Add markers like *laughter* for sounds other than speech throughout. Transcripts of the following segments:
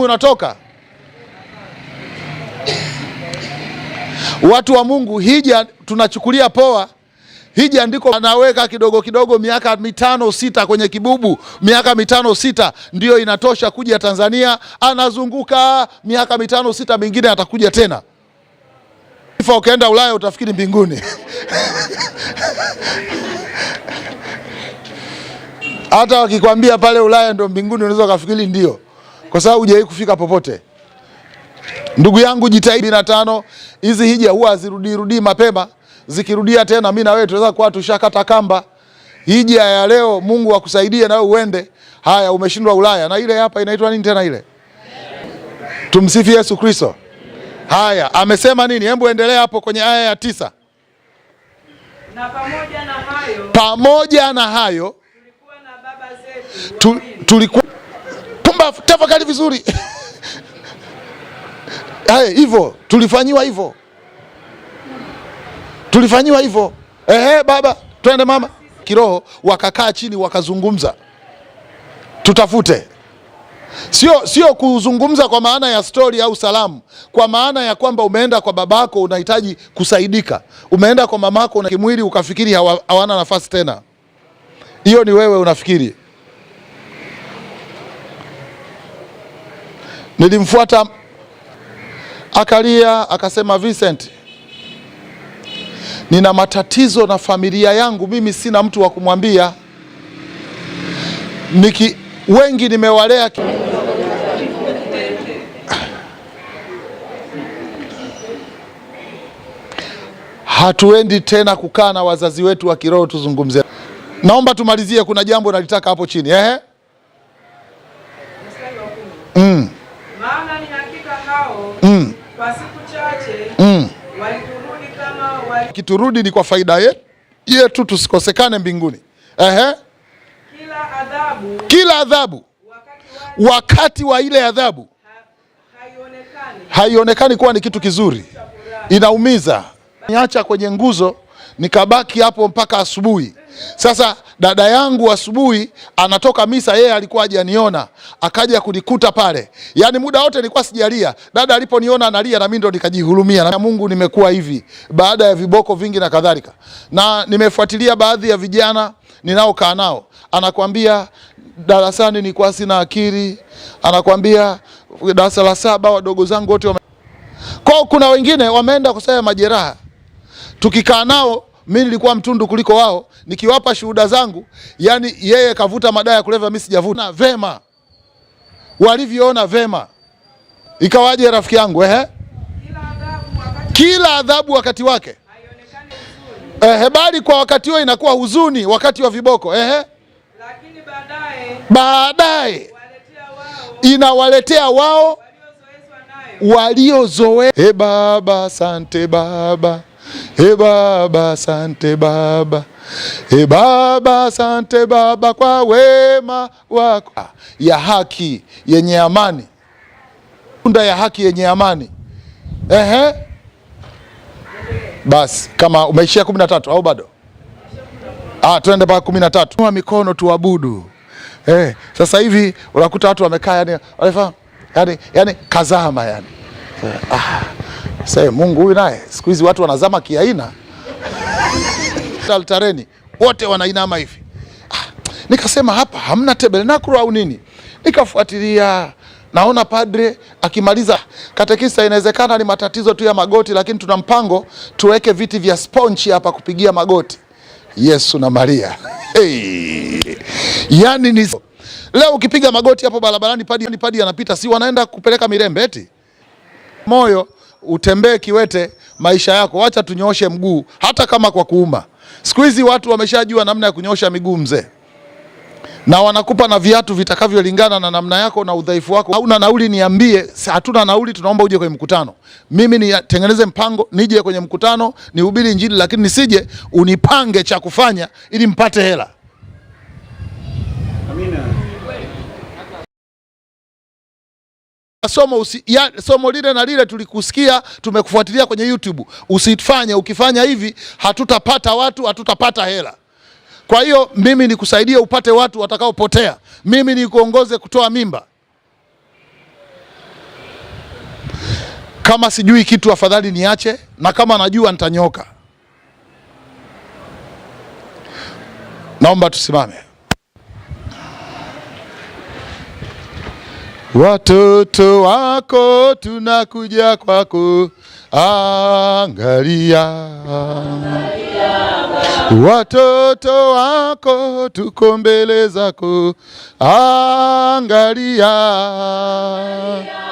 unatoka. Watu wa Mungu, hija tunachukulia poa. Hija ndiko anaweka kidogo kidogo, miaka mitano sita kwenye kibubu, miaka mitano sita ndiyo inatosha kuja Tanzania. Anazunguka miaka mitano sita, mingine atakuja tena. Ifa ukaenda Ulaya utafikiri mbinguni. *laughs* Hata wakikwambia pale Ulaya ndo mbinguni, unaweza ukafikiri ndio kwa sababu hujawahi kufika popote. Ndugu yangu, jitahidi na tano hizi hija huwa hazirudirudii mapema, zikirudia tena mi na wewe tunaweza kuwa tushakata kamba. Hija ya leo Mungu akusaidie nawe uende. Haya, umeshindwa Ulaya na ile hapa inaitwa nini tena ile? Tumsifu Yesu Kristo. Haya, amesema nini? Hebu endelea hapo kwenye aya ya tisa. Na pamoja na hayo, pamoja na hayo tulikuwa na baba zetu tu, tulikuwa tafakari vizuri *laughs* hivyo tulifanyiwa hivyo tulifanyiwa hivyo ehe, baba twende, mama kiroho, wakakaa chini wakazungumza, tutafute. Sio, sio kuzungumza kwa maana ya stori au salamu, kwa maana ya kwamba umeenda kwa babako unahitaji kusaidika, umeenda kwa mamako na kimwili ukafikiri hawana nafasi tena. Hiyo ni wewe unafikiri Nilimfuata akalia, akasema Vincent, nina matatizo na familia yangu, mimi sina mtu wa kumwambia niki wengi nimewalea. Hatuendi tena kukaa na wazazi wetu wa kiroho tuzungumze. Naomba tumalizie, kuna jambo nalitaka hapo chini. Ehe, mm mm. Kwa siku chache mm. waliturudi kama wali... kiturudi ni kwa faida yetu yetu, tusikosekane mbinguni. Ehe. Kila adhabu, kila adhabu wakati, wakati wa ile adhabu haionekani kuwa ni kitu kizuri, inaumiza. Niacha kwenye nguzo nikabaki hapo mpaka asubuhi. Sasa dada yangu asubuhi anatoka misa, yeye alikuwa hajaniona, akaja kunikuta pale. Yani muda wote nilikuwa sijalia, dada aliponiona analia na mimi ndo nikajihurumia. Na Mungu nimekuwa hivi baada ya viboko vingi na kadhalika, na nimefuatilia baadhi ya vijana ninaokaa nao, anakwambia darasani nilikuwa sina akili, anakwambia darasa la saba wadogo zangu wote wame... kwa kuna wengine wameenda kusaya majeraha, tukikaa nao mi nilikuwa mtundu kuliko wao, nikiwapa shuhuda zangu, yani yeye kavuta madawa ya kulevya, mi sijavuta. Vema walivyoona vema, ikawaje rafiki yangu? Ehe, kila adhabu wakati wake. Ehe, bali kwa wakati huo inakuwa huzuni, wakati wa viboko. Ehe, lakini baadaye, baadaye inawaletea wao waliozoea. E Baba, asante Baba. E Baba, asante Baba. E Baba, asante Baba kwa wema wako ah, ya haki yenye amani, tunda ya haki yenye amani. Ehe, basi kama umeishia kumi na tatu au bado? Ah, tuende mpaka kumi na tatu. Mikono tuabudu. Eh, sasa hivi unakuta watu wamekaa yani, wanafanya yani, yani kazama yani. Ah. ah, sasa Mungu huyu naye siku hizi watu wanazama kiaina altareni wote wanainama hivi. Ah, nikasema hapa hamna tabernakulo au nini? Nikafuatilia naona padre akimaliza katekista, inawezekana ni matatizo tu ya magoti, lakini tuna mpango tuweke viti vya sponchi hapa kupigia magoti Yesu na Maria. Hey. Yani ni Leo ukipiga magoti hapo barabarani padi, ni padi anapita, si wanaenda kupeleka Mirembe eti? Moyo utembee kiwete maisha yako, wacha tunyooshe mguu hata kama kwa kuuma. Siku hizi watu wameshajua namna ya kunyoosha miguu mzee, na wanakupa na viatu vitakavyolingana na namna yako na udhaifu wako. Hauna nauli, niambie, hatuna nauli, tunaomba uje kwenye mkutano. Mimi nitengeneze mpango, nije kwenye mkutano nihubiri Injili, lakini nisije unipange cha kufanya ili mpate hela. Amina. Somo, usi, ya, somo lile na lile tulikusikia, tumekufuatilia kwenye YouTube. Usifanye, ukifanya hivi hatutapata watu, hatutapata hela. Kwa hiyo mimi nikusaidie upate watu watakaopotea, mimi nikuongoze kutoa mimba. Kama sijui kitu afadhali niache, na kama najua nitanyoka. Naomba tusimame. Watoto wako tunakuja kwako, angalia, Watoto wako tuko mbele zako, angalia, angalia.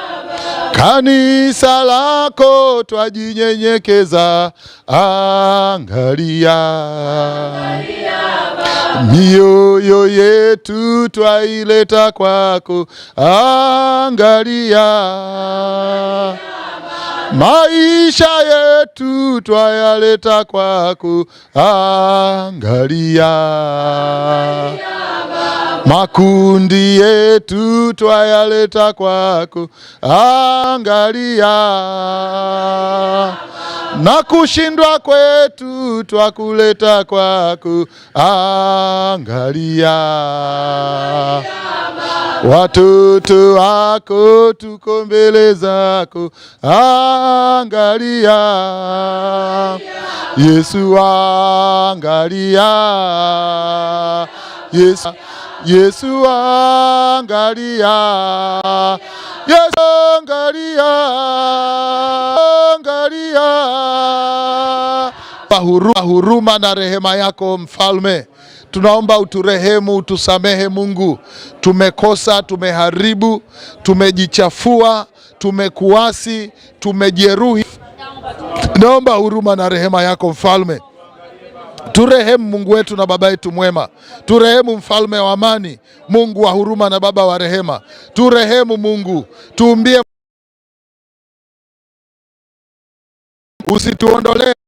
Kanisa lako twajinyenyekeza, angalia, mioyo yetu twaileta kwako, angalia, angalia. Maisha yetu twayaleta kwako, angalia. Makundi yetu twayaleta kwako, angalia. Na kushindwa kwetu twakuleta kwako, angalia. Watoto wako tuko mbele zako, angalia Yesu, angalia Yesu, Yesu, angalia Yesu, angalia angalia, huruma na rehema yako mfalme Tunaomba uturehemu, utusamehe Mungu. Tumekosa, tumeharibu, tumejichafua, tumekuasi, tumejeruhi. Naomba huruma na rehema yako mfalme. Turehemu Mungu wetu na baba yetu mwema, turehemu mfalme wa amani, Mungu wa huruma na baba wa rehema, turehemu Mungu, tuumbie, usituondolee